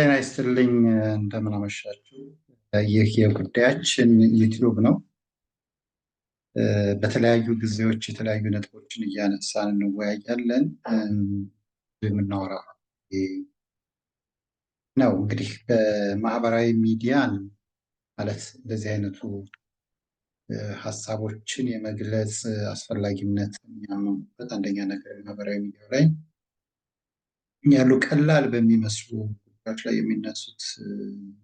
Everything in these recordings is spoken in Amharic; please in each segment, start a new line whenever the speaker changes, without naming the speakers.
ጤና ይስጥልኝ እንደምን ይህ የጉዳያችን ዩቲዩብ ነው። በተለያዩ ጊዜዎች የተለያዩ ነጥቦችን እያነሳን እንወያያለን። የምናወራ ነው እንግዲህ በማህበራዊ ሚዲያን ማለት እንደዚህ አይነቱ ሀሳቦችን የመግለጽ አስፈላጊነት የሚያመሙበት አንደኛ ነገር ማህበራዊ ሚዲያ ላይ ያሉ ቀላል በሚመስሉ በሀገራችን ላይ የሚነሱት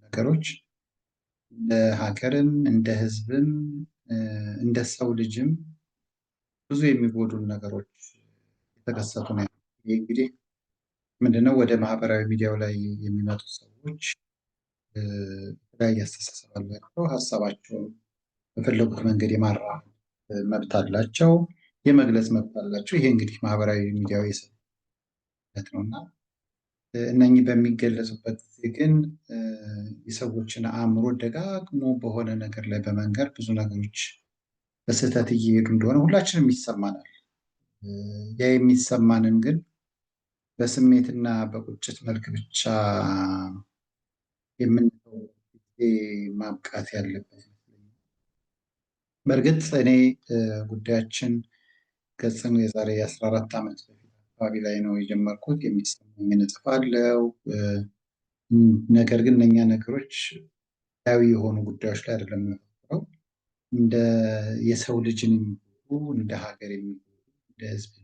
ነገሮች እንደ ሀገርም እንደ ህዝብም እንደ ሰው ልጅም ብዙ የሚጎዱን ነገሮች የተከሰቱ ነው። ይህ እንግዲህ ምንድነው ወደ ማህበራዊ ሚዲያው ላይ የሚመጡ ሰዎች የተለያየ አስተሳሰብ አላቸው። ሀሳባቸውን በፈለጉት መንገድ የማራ መብት አላቸው፣ የመግለጽ መብት አላቸው። ይሄ እንግዲህ ማህበራዊ ሚዲያው የሰው ነው እና እነኚህ በሚገለጹበት ጊዜ ግን የሰዎችን አእምሮ ደጋግሞ በሆነ ነገር ላይ በመንገር ብዙ ነገሮች በስህተት እየሄዱ እንደሆነ ሁላችንም ይሰማናል። ያ የሚሰማንን ግን በስሜትና በቁጭት መልክ ብቻ የምንለው ጊዜ ማብቃት ያለበት በእርግጥ እኔ ጉዳያችን ገጽን የዛሬ 14 ዓመት በፊት አካባቢ ላይ ነው የጀመርኩት። የሚሰማኝ የሚሰማኝን አለው። ነገር ግን እነኛ ነገሮች ያዊ የሆኑ ጉዳዮች ላይ አይደለም የሚያተኩረው እንደ የሰው ልጅን የሚጎዱ እንደ ሀገር የሚጎዱ እንደ ህዝብ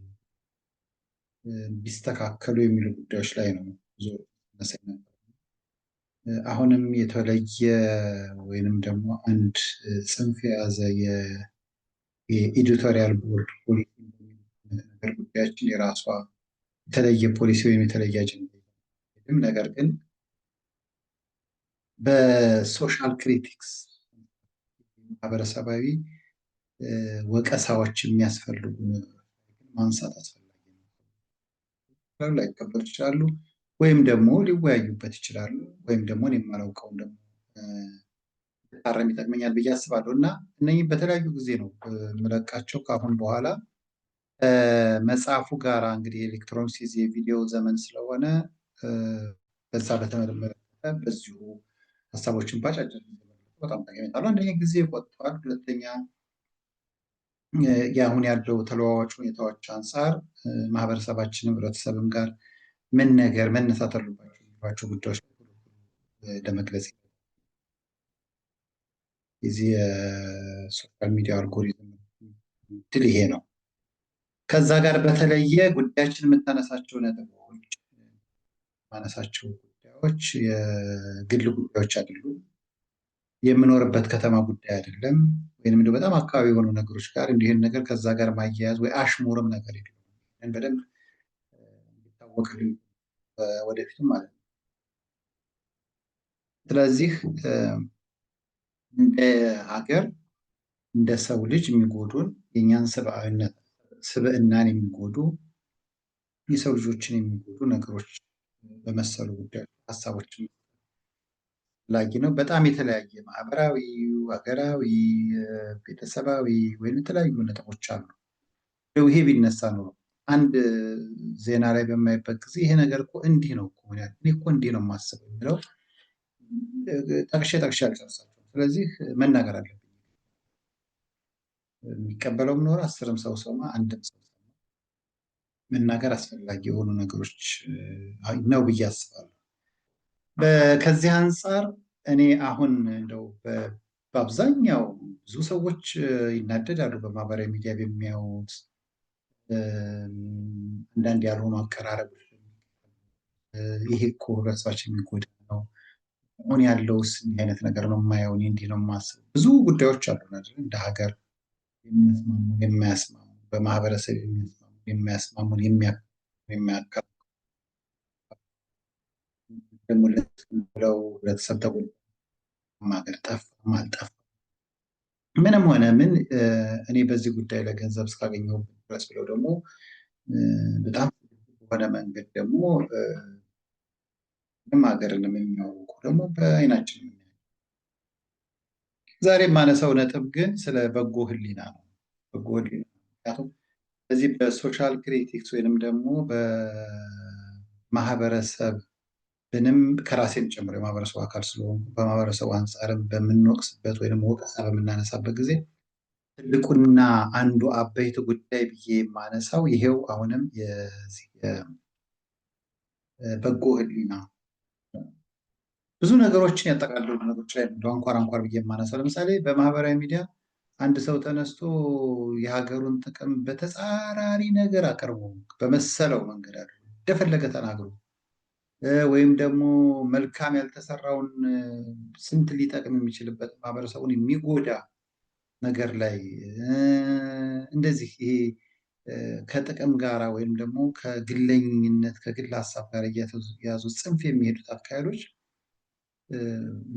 ቢስተካከሉ የሚሉ ጉዳዮች ላይ ነው ብዙ መሳይ ነበር። አሁንም የተለየ ወይንም ደግሞ አንድ ጽንፍ የያዘ የኤዲቶሪያል ቦርድ ፖሊሲ ነገር ጉዳያችን የራሷ የተለየ ፖሊሲ ወይም የተለየ አጀንዳ ነገር ግን በሶሻል ክሪቲክስ ማህበረሰባዊ ወቀሳዎች የሚያስፈልጉ ማንሳት አስፈላጊ ነው። ላይቀበሉ ይችላሉ፣ ወይም ደግሞ ሊወያዩበት ይችላሉ፣ ወይም ደግሞ የማላውቀውን ደግሞ ታረም ይጠቅመኛል ብዬ አስባለሁ እና እነኝህ በተለያዩ ጊዜ ነው የምለቃቸው ከአሁን በኋላ መጽሐፉ ጋር እንግዲህ ኤሌክትሮኒክስ ቪዲዮ ዘመን ስለሆነ በዛ በተመለከተ በዚሁ ሀሳቦችን ባጫጭር በጣም ጠቀሜታሉ። አንደኛ ጊዜ ቆጥቷል። ሁለተኛ የአሁን ያለው ተለዋዋጭ ሁኔታዎች አንጻር ማህበረሰባችንም ህብረተሰብም ጋር ምን ነገር መነሳት አሉባቸው ጉዳዮች ለመግለጽ የዚህ የሶሻል ሚዲያ አልጎሪዝም ድል ይሄ ነው። ከዛ ጋር በተለየ ጉዳያችን የምታነሳቸው ነጥቦች ማነሳቸው ጉዳዮች የግል ጉዳዮች አይደሉም። የምኖርበት ከተማ ጉዳይ አይደለም። ወይም በጣም አካባቢ የሆኑ ነገሮች ጋር እንዲህን ነገር ከዛ ጋር ማያያዝ ወይ አሽሙርም ነገር የለም። በደንብ እንዲታወቅልን ወደፊትም ማለት ነው። ስለዚህ እንደ ሀገር እንደ ሰው ልጅ የሚጎዱን የእኛን ሰብአዊነት ስብዕናን የሚጎዱ የሰው ልጆችን የሚጎዱ ነገሮች በመሰሉ ጉዳዮች ሀሳቦች ላጊ ነው። በጣም የተለያየ ማህበራዊ፣ ሀገራዊ፣ ቤተሰባዊ ወይም የተለያዩ ነጥቦች አሉ። ይሄ ቢነሳ ነው አንድ ዜና ላይ በማይበት ጊዜ ይሄ ነገር እኮ እንዲህ ነው እኔ እኮ እንዲህ ነው የማስበው የሚለው ጠቅሼ ጠቅሼ አልጨርሳቸውም። ስለዚህ መናገር አለብን። የሚቀበለውም ኖረ አስርም ሰው ሰማ አንድም ሰው ሰማ። መናገር አስፈላጊ የሆኑ ነገሮች ነው ብዬ አስባለሁ። ከዚህ አንጻር እኔ አሁን እንደው በአብዛኛው ብዙ ሰዎች ይናደዳሉ በማህበራዊ ሚዲያ በሚያዩት አንዳንድ ያልሆኑ አቀራረብ ይሄ እኮ ህብረተሰባችን የሚጎዳ ነው። አሁን ያለውስ እንዲህ አይነት ነገር ነው የማየው፣ እንዲህ ነው የማስበው። ብዙ ጉዳዮች አሉ እንደ ሀገር የሚያስማሙ የማያስማሙ በማህበረሰብ የሚያስማሙ የማያስማሙን የሚያካል ደግሞ ብለው ህብረተሰብ ተጎዳ ማገር ጠፋም አልጠፋም ምንም ሆነ ምን እኔ በዚህ ጉዳይ ለገንዘብ እስካገኘው ድረስ ብለው ደግሞ በጣም በሆነ መንገድ ደግሞ ምንም ሀገርንም የሚያውቁ ደግሞ በአይናችን ዛሬ የማነሳው ነጥብ ግን ስለ በጎ ህሊና ነው። በጎ ህሊና ምክንያቱም በዚህ በሶሻል ክሪቲክስ ወይንም ደግሞ በማህበረሰብ ብንም ከራሴን ጨምሮ የማህበረሰቡ አካል ስለሆኑ በማህበረሰቡ አንጻርም በምንወቅስበት ወይም ወቀሳ በምናነሳበት ጊዜ ትልቁና አንዱ አበይት ጉዳይ ብዬ የማነሳው ይሄው አሁንም በጎ ህሊና ብዙ ነገሮችን ያጠቃልሉ ነገሮች ላይ አንኳር አንኳር ብዬ የማነሳው ለምሳሌ በማህበራዊ ሚዲያ አንድ ሰው ተነስቶ የሀገሩን ጥቅም በተጻራሪ ነገር አቅርቦ በመሰለው መንገድ አለ እንደፈለገ ተናግሮ ወይም ደግሞ መልካም ያልተሰራውን ስንት ሊጠቅም የሚችልበት ማህበረሰቡን የሚጎዳ ነገር ላይ እንደዚህ ይሄ ከጥቅም ጋራ ወይም ደግሞ ከግለኝነት ከግል ሀሳብ ጋር እያያዙ ጽንፍ የሚሄዱት አካሄዶች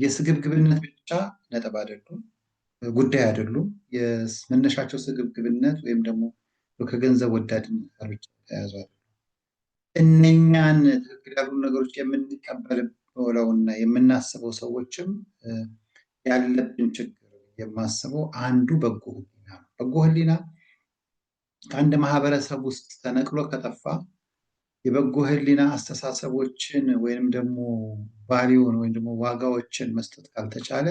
የስግብግብነት ብቻ ነጥብ አይደሉም፣ ጉዳይ አይደሉም። የመነሻቸው ስግብግብነት ወይም ደግሞ ከገንዘብ ወዳድነት ጋር ብቻ አይደሉም። እነኛን ትክክል ያሉ ነገሮች የምንቀበለውና የምናስበው ሰዎችም ያለብን ችግር የማስበው አንዱ በጎ ህሊና ነው። በጎ ህሊና ከአንድ ማህበረሰብ ውስጥ ተነቅሎ ከጠፋ የበጎ ህሊና አስተሳሰቦችን ወይም ደግሞ ባህሪውን ወይም ደግሞ ዋጋዎችን መስጠት ካልተቻለ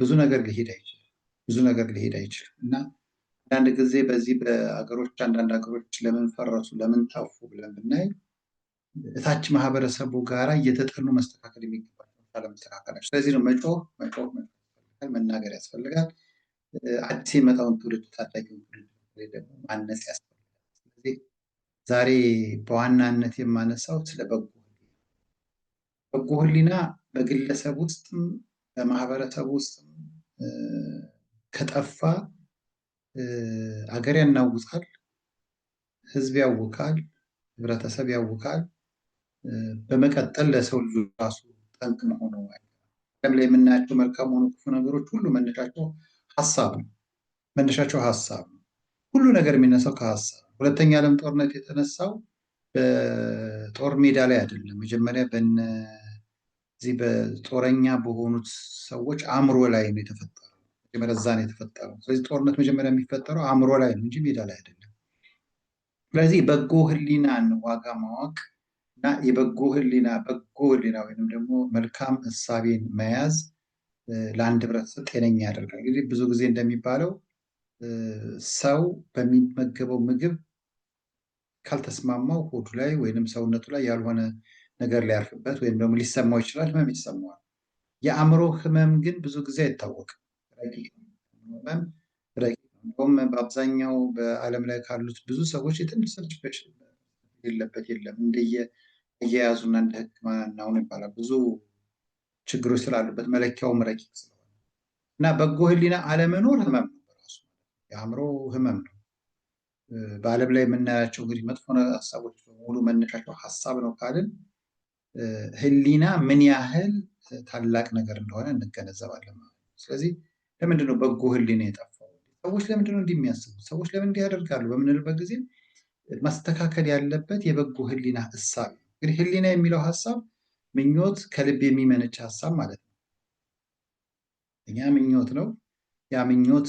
ብዙ ነገር ሊሄድ አይችልም። ብዙ ነገር ሊሄድ አይችልም እና አንዳንድ ጊዜ በዚህ በአገሮች አንዳንድ ሀገሮች ለምን ፈረሱ ለምን ጠፉ ብለን ብናይ እታች ማህበረሰቡ ጋራ እየተጠኑ መስተካከል የሚገባቸው አለመስተካከላቸው። ስለዚህ ነው መጮህ መጮህ መናገር ያስፈልጋል። አዲስ የመጣውን ትውልድ ታዳጊውን ትውልድ ደግሞ ማነጽ ያስፈልጋል። ዛሬ በዋናነት የማነሳው ስለ በጎ ህሊና። በጎ ህሊና በግለሰብ ውስጥም በማህበረሰብ ውስጥም ከጠፋ አገር ያናውጣል፣ ህዝብ ያውካል፣ ህብረተሰብ ያውካል። በመቀጠል ለሰው ልጅ ራሱ ጠንቅ መሆኑ ዓለም ላይ የምናያቸው መልካም ሆኑ ክፉ ነገሮች ሁሉ መነሻቸው ሀሳብ ነው። መነሻቸው ሀሳብ ነው። ሁሉ ነገር የሚነሳው ከሀሳብ። ሁለተኛ ዓለም ጦርነት የተነሳው በጦር ሜዳ ላይ አይደለም። መጀመሪያ በዚህ በጦረኛ በሆኑት ሰዎች አእምሮ ላይ ነው የተፈጠረው። መጀመሪያ እዛ ነው የተፈጠረው። ስለዚህ ጦርነት መጀመሪያ የሚፈጠረው አእምሮ ላይ ነው እንጂ ሜዳ ላይ አይደለም። ስለዚህ በጎ ህሊናን ዋጋ ማወቅ እና የበጎ ህሊና በጎ ህሊና ወይም ደግሞ መልካም እሳቤን መያዝ ለአንድ ህብረተሰብ ጤነኛ ያደርጋል። እንግዲህ ብዙ ጊዜ እንደሚባለው ሰው በሚመገበው ምግብ ካልተስማማው ሆዱ ላይ ወይም ሰውነቱ ላይ ያልሆነ ነገር ሊያርፍበት ወይም ደግሞ ሊሰማው ይችላል። ህመም ይሰማዋል። የአእምሮ ህመም ግን ብዙ ጊዜ አይታወቅም። ነው። እንደውም በአብዛኛው በዓለም ላይ ካሉት ብዙ ሰዎች የትም የለም። እንደየ አያያዙና እንደ ህክምናው ይባላል ብዙ ችግሮች ስላሉበት መለኪያውም ረቂቅ ስለሆነ እና በጎ ህሊና አለመኖር ህመም ነው። የአእምሮ ህመም ነው። በዓለም ላይ የምናያቸው እንግዲህ መጥፎ ሀሳቦች በሙሉ መነሻቸው ሀሳብ ነው ካልን ህሊና ምን ያህል ታላቅ ነገር እንደሆነ እንገነዘባለን ማለት ነው። ስለዚህ ለምንድነው በጎ ህሊና የጠፋው? ሰዎች ለምንድነው እንዲህ ሰዎች ለምን እንዲህ ያደርጋሉ? በምንልበት ጊዜ ማስተካከል ያለበት የበጎ ህሊና እሳቤ ነው። እንግዲህ ህሊና የሚለው ሀሳብ ምኞት ከልብ የሚመነጭ ሀሳብ ማለት ነው። እኛ ምኞት ነው ያ ምኞት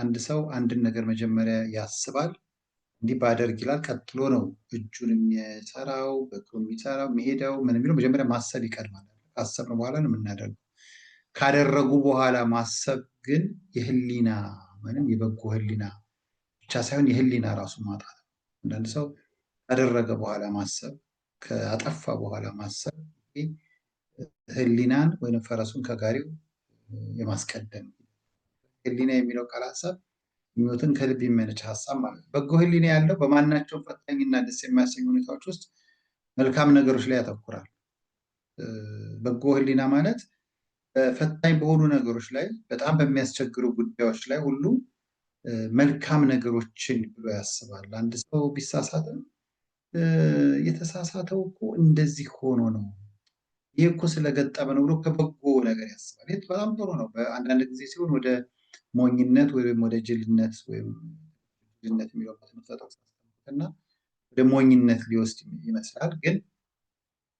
አንድ ሰው አንድን ነገር መጀመሪያ ያስባል። እንዲህ ባደርግ ይላል። ቀጥሎ ነው እጁን የሚሰራው በእግሩ የሚሰራው የሚሄደው ምን የሚለው መጀመሪያ ማሰብ ይቀድማል። ነው በኋላ ነው የምናደርገው። ካደረጉ በኋላ ማሰብ ግን የህሊና ምንም የበጎ ህሊና ብቻ ሳይሆን የህሊና ራሱ ማጣት። አንዳንድ ሰው ካደረገ በኋላ ማሰብ፣ ከአጠፋ በኋላ ማሰብ ህሊናን ወይም ፈረሱን ከጋሪው የማስቀደም ህሊና የሚለው ቃል ሀሳብ ምኞትን ከልብ የሚመነጭ ሀሳብ ማለት ነው። በጎ ህሊና ያለው በማናቸውም ፈታኝና ደስ የሚያሰኝ ሁኔታዎች ውስጥ መልካም ነገሮች ላይ ያተኩራል። በጎ ህሊና ማለት ፈታኝ በሆኑ ነገሮች ላይ፣ በጣም በሚያስቸግሩ ጉዳዮች ላይ ሁሉ መልካም ነገሮችን ብሎ ያስባል። አንድ ሰው ቢሳሳትም የተሳሳተው እኮ እንደዚህ ሆኖ ነው ይህ እኮ ስለገጠመ ነው ብሎ ከበጎ ነገር ያስባል። ይህ በጣም ጥሩ ነው። በአንዳንድ ጊዜ ሲሆን ወደ ሞኝነት ወይም ወደ ጅልነት ወይም ጅልነት የሚለው ትምህርት ወደ ሞኝነት ሊወስድ ይመስላል። ግን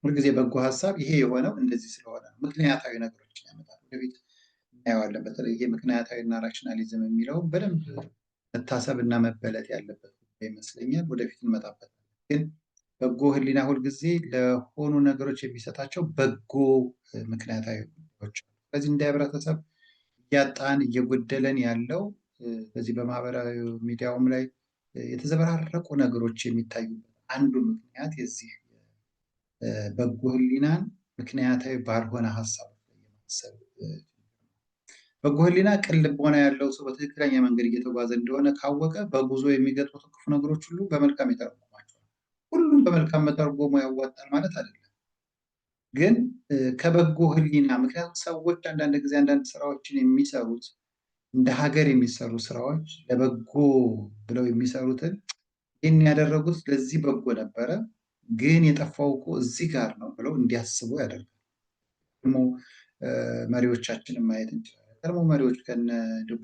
ሁልጊዜ በጎ ሀሳብ ይሄ የሆነው እንደዚህ ስለሆነ ነው። ምክንያታዊ ነገሮችን ያመጣል። ወደፊት እናየዋለን። በተለይ ይሄ እና ራሽናሊዝም የሚለው በደንብ መታሰብ እና መበለት ያለበት ይመስለኛል። ወደፊት እንመጣበት። ግን በጎ ህሊና ሁልጊዜ ለሆኑ ነገሮች የሚሰጣቸው በጎ ምክንያታዊ ጉዳዮች ስለዚህ እንደ ህብረተሰብ እያጣን እየጎደለን ያለው በዚህ በማህበራዊ ሚዲያውም ላይ የተዘበራረቁ ነገሮች የሚታዩበት አንዱ ምክንያት የዚህ በጎ ህሊናን ምክንያታዊ ባልሆነ ሀሳብ የማሰብ በጎ ህሊና ቅን ልቦና ያለው ሰው በትክክለኛ መንገድ እየተጓዘ እንደሆነ ካወቀ በጉዞ የሚገጥሙት ክፉ ነገሮች ሁሉ በመልካም ይተረጉማቸዋል። ሁሉም በመልካም መተርጎሙ ያዋጣል ማለት አይደለም። ግን ከበጎ ህሊና ምክንያቱም ሰዎች አንዳንድ ጊዜ አንዳንድ ስራዎችን የሚሰሩት እንደ ሀገር የሚሰሩ ስራዎች ለበጎ ብለው የሚሰሩትን ይህን ያደረጉት ለዚህ በጎ ነበረ፣ ግን የጠፋው እኮ እዚህ ጋር ነው ብለው እንዲያስቡ ያደርጋል። ደግሞ መሪዎቻችንን ማየት እንችላለን። ቀድሞ መሪዎች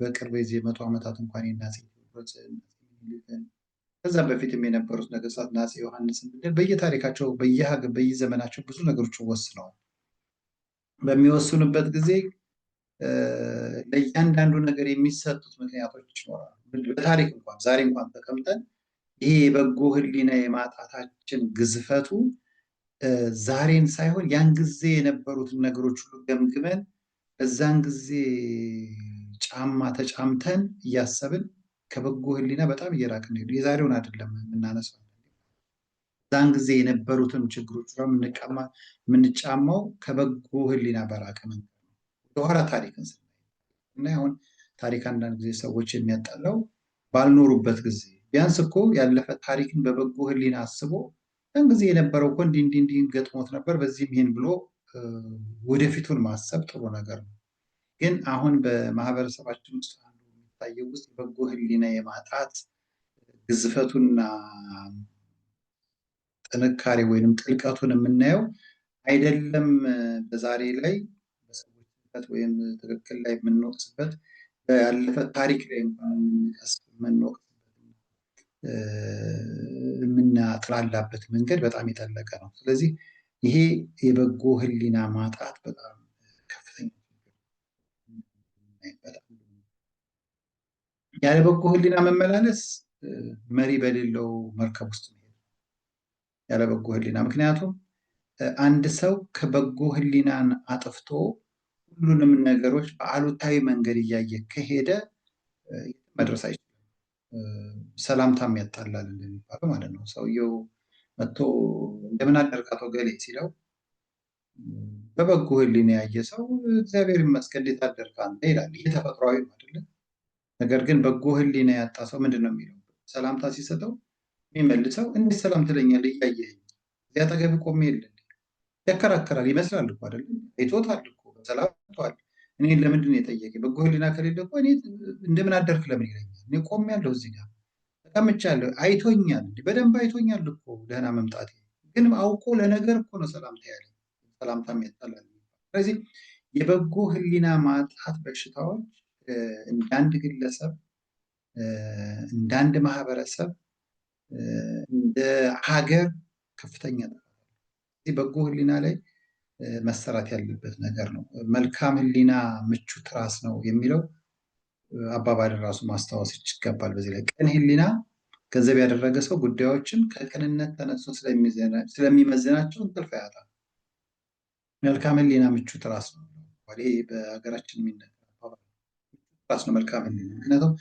በቅርብ ጊዜ መቶ ዓመታት እንኳን ናፄ ቴዎድሮስን ከዛም በፊትም የነበሩት ነገስታት አፄ ዮሐንስ ብንል በየታሪካቸው በየሀገ በየዘመናቸው ብዙ ነገሮች ወስነው በሚወስኑበት ጊዜ ለእያንዳንዱ ነገር የሚሰጡት ምክንያቶች ይኖራሉ። በታሪክ እንኳን ዛሬ እንኳን ተቀምጠን ይሄ የበጎ ህሊና የማጣታችን ግዝፈቱ ዛሬን ሳይሆን ያን ጊዜ የነበሩትን ነገሮች ሁሉ ገምግመን በዛን ጊዜ ጫማ ተጫምተን እያሰብን ከበጎ ህሊና በጣም እየራቅን ሄዱ። የዛሬውን አይደለም የምናነሳው። ዛን ጊዜ የነበሩትን ችግሮች የምንጫማው ከበጎ ህሊና በራቀ መንገድ ነው። ወደኋላ ታሪክን እና አሁን ታሪክ አንዳንድ ጊዜ ሰዎች የሚያጣላው ባልኖሩበት ጊዜ ቢያንስ እኮ ያለፈ ታሪክን በበጎ ህሊና አስቦ ያን ጊዜ የነበረው እኮ እንዲህ እንዲህ ገጥሞት ነበር፣ በዚህም ይሄን ብሎ ወደፊቱን ማሰብ ጥሩ ነገር ነው። ግን አሁን በማህበረሰባችን ውስጥ የሚታየው ውስጥ የበጎ ህሊና የማጣት ግዝፈቱና ጥንካሬ ወይንም ጥልቀቱን የምናየው አይደለም በዛሬ ላይ በሰዎች ስህተት ወይም ትክክል ላይ የምንወቅስበት ያለፈ ታሪክ ላይ እንኳን የምንወቅስበት የምናጥላላበት መንገድ በጣም የጠለቀ ነው። ስለዚህ ይሄ የበጎ ህሊና ማጣት በጣም ያለ በጎ ህሊና መመላለስ መሪ በሌለው መርከብ ውስጥ መሄድ ያለ በጎ ህሊና። ምክንያቱም አንድ ሰው ከበጎ ህሊናን አጥፍቶ ሁሉንም ነገሮች በአሉታዊ መንገድ እያየ ከሄደ መድረስ አይችልም። ሰላምታም ያጣላል እንደሚባለው ማለት ነው። ሰውየው መጥቶ እንደምን አደርካቶ ገሌ ሲለው በበጎ ህሊና ያየ ሰው እግዚአብሔር ይመስገን እንዴት አደርክ አንተ ይላል። ይህ ተፈጥሯዊ አይደለም። ነገር ግን በጎ ህሊና ያጣ ሰው ምንድን ነው የሚለው? ሰላምታ ሲሰጠው የሚመልሰው እንዴት ሰላም ትለኛለህ እያየኸኝ እዚያ አጠገብ ቆሜ የለን ያከራከራል ይመስላል እኮ አይደለም አይቶታል እኮ ሰላምቷል። እኔ ለምንድን የጠየቀኝ በጎ ህሊና ከሌለ እኮ እኔ እንደምን አደርክ ለምን ይለኛል እኔ ቆሜያለሁ እዚህ ጋር ተቀምጫለሁ አይቶኛል በደንብ አይቶኛል እኮ ደህና መምጣት። ግን አውቆ ለነገር እኮ ነው ሰላምታ ያለ ሰላምታ ያጣላል ስለዚህ የበጎ ህሊና ማጣት በሽታዎች እንዳንድ ግለሰብ፣ እንዳንድ ማህበረሰብ፣ እንደ ሀገር ከፍተኛ በጎ ህሊና ላይ መሰራት ያለበት ነገር ነው። መልካም ህሊና ምቹ ትራስ ነው የሚለው አባባል ራሱ ማስታወስ ይገባል። በዚህ ላይ ቅን ህሊና ገንዘብ ያደረገ ሰው ጉዳዮችን ከቅንነት ተነስቶ ስለሚመዝናቸው እንቅልፍ አያጣም። መልካም ህሊና ምቹ ትራስ ነው። ይሄ በሀገራችን የሚነ ራስ ነው መልካምነት። ምክንያቱም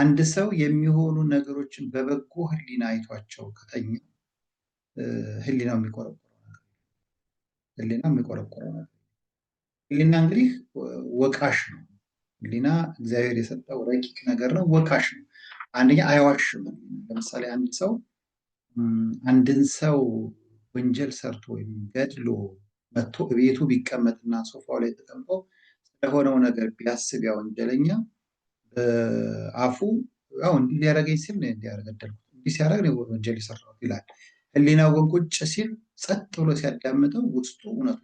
አንድ ሰው የሚሆኑ ነገሮችን በበጎ ህሊና አይቷቸው ከተኛ ህሊናው የሚቆረቆረው ነገር የሚቆረቆረው ነገር ህሊና እንግዲህ ወቃሽ ነው። ህሊና እግዚአብሔር የሰጠው ረቂቅ ነገር ነው፣ ወቃሽ ነው። አንደኛ አይዋሽም። ለምሳሌ አንድ ሰው አንድን ሰው ወንጀል ሰርቶ ወይም ገድሎ መጥቶ ቤቱ ቢቀመጥና ሶፋው ላይ ተቀምጦ ለሆነው ነገር ቢያስብ ያ ወንጀለኛ አፉ ያው እንዲህ ሊያደርገኝ ሲል ነው እንዲያረገደልኩት እንዲህ ሲያደርግ ነው ወንጀል የሰራሁት ይላል። ህሊናው ግን ቁጭ ሲል ጸጥ ብሎ ሲያዳምጠው ውስጡ እውነቱ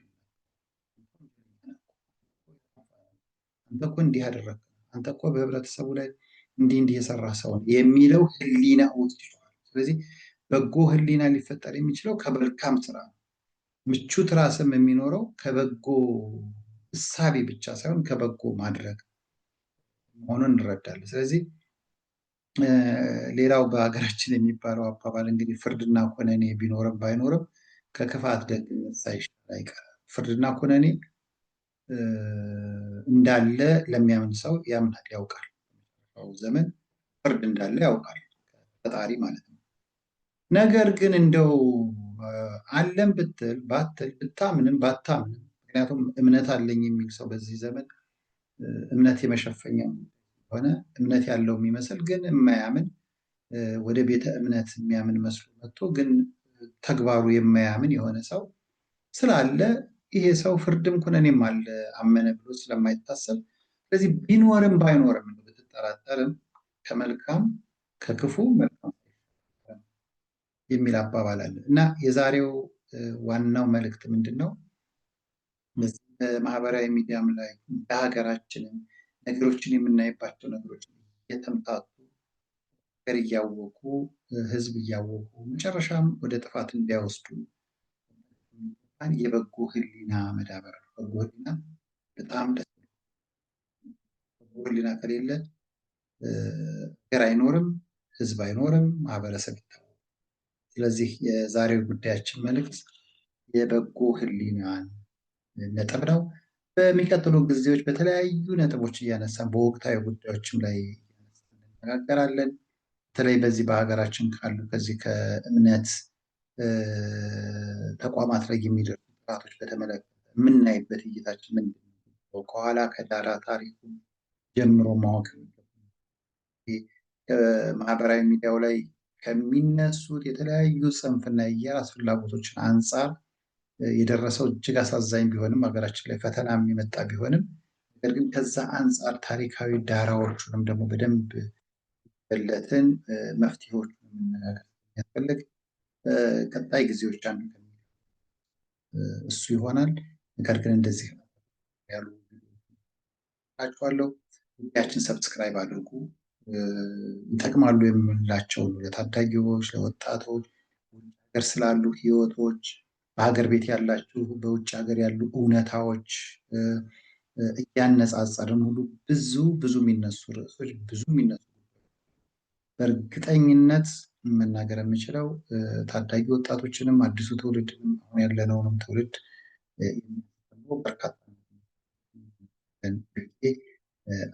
አንተ እኮ እንዲህ ያደረግ አንተ እኮ በህብረተሰቡ ላይ እንዲህ እንዲህ የሰራ ሰው የሚለው ህሊና ውስጥ ይችላል። ስለዚህ በጎ ህሊና ሊፈጠር የሚችለው ከመልካም ስራ ነው። ምቹ ትራስም የሚኖረው ከበጎ እሳቤ ብቻ ሳይሆን ከበጎ ማድረግ መሆኑን እንረዳለን። ስለዚህ ሌላው በሀገራችን የሚባለው አባባል እንግዲህ ፍርድና ኮነኔ ቢኖርም ባይኖርም ከክፋት ደግነት ሳይሻል አይቀርም። ፍርድና ኮነኔ እንዳለ ለሚያምን ሰው ያምናል፣ ያውቃል። ዘመን ፍርድ እንዳለ ያውቃል ፈጣሪ ማለት ነው። ነገር ግን እንደው አለም ብትል ባትል ብታምንም ባታምንም ምክንያቱም እምነት አለኝ የሚል ሰው በዚህ ዘመን እምነት የመሸፈኛ ሆነ እምነት ያለው የሚመስል ግን የማያምን ወደ ቤተ እምነት የሚያምን መስሎ መጥቶ ግን ተግባሩ የማያምን የሆነ ሰው ስላለ ይሄ ሰው ፍርድም ኩነኔም አለ አመነ ብሎ ስለማይታሰብ ስለዚህ ቢኖርም ባይኖርም ብትጠራጠርም ከመልካም ከክፉ መልካም የሚል አባባል አለ እና የዛሬው ዋናው መልእክት ምንድን ነው? ማህበራዊ ሚዲያም ላይ በሀገራችንም ነገሮችን የምናይባቸው ነገሮች የተምታቱ ነገር እያወቁ ህዝብ እያወቁ መጨረሻም ወደ ጥፋት እንዲያወስዱ የበጎ ህሊና መዳበር ነው። በጎ ህሊና በጣም ደስ በጎ ህሊና ከሌለ ሀገር አይኖርም፣ ህዝብ አይኖርም፣ ማህበረሰብ ይታወቅ። ስለዚህ የዛሬው ጉዳያችን መልክት የበጎ ህሊናን ነጥብ ነው። በሚቀጥሉ ጊዜዎች በተለያዩ ነጥቦች እያነሳን በወቅታዊ ጉዳዮችም ላይ እንነጋገራለን። በተለይ በዚህ በሀገራችን ካሉ ከዚህ ከእምነት ተቋማት ላይ የሚደርሱ ጥቃቶች በተመለከተ የምናይበት እይታችን ምንድን ነው? ከኋላ ከዳራ ታሪኩ ጀምሮ ማወቅ ማህበራዊ ሚዲያው ላይ ከሚነሱት የተለያዩ ጽንፍና የራስ ፍላጎቶችን አንጻር የደረሰው እጅግ አሳዛኝ ቢሆንም ሀገራችን ላይ ፈተና የሚመጣ ቢሆንም ነገር ግን ከዛ አንጻር ታሪካዊ ዳራዎቹንም ደግሞ በደንብ ለትን መፍትሄዎች የሚያስፈልግ ቀጣይ ጊዜዎች አንዱ እሱ ይሆናል። ነገር ግን እንደዚህ ያሉ ቸዋለው ጉዳያችን ሰብስክራይብ አድርጉ። ይጠቅማሉ የምንላቸው ለታዳጊዎች፣ ለወጣቶች፣ ሀገር ስላሉ ህይወቶች በሀገር ቤት ያላችሁ በውጭ ሀገር ያሉ እውነታዎች እያነጻጸርን ሁሉ ብዙ ብዙ የሚነሱ ርዕሶች ብዙ የሚነሱ በእርግጠኝነት መናገር የምችለው ታዳጊ ወጣቶችንም አዲሱ ትውልድ አሁን ያለነውንም ትውልድ በርካታ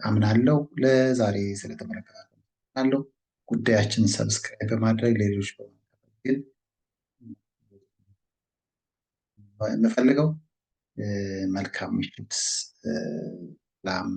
አምናለው። ለዛሬ ስለተመለከታለው ጉዳያችን ሰብስክራይብ በማድረግ ለሌሎች በማካፈል ግን የምፈልገው። መልካም ምሽት ላም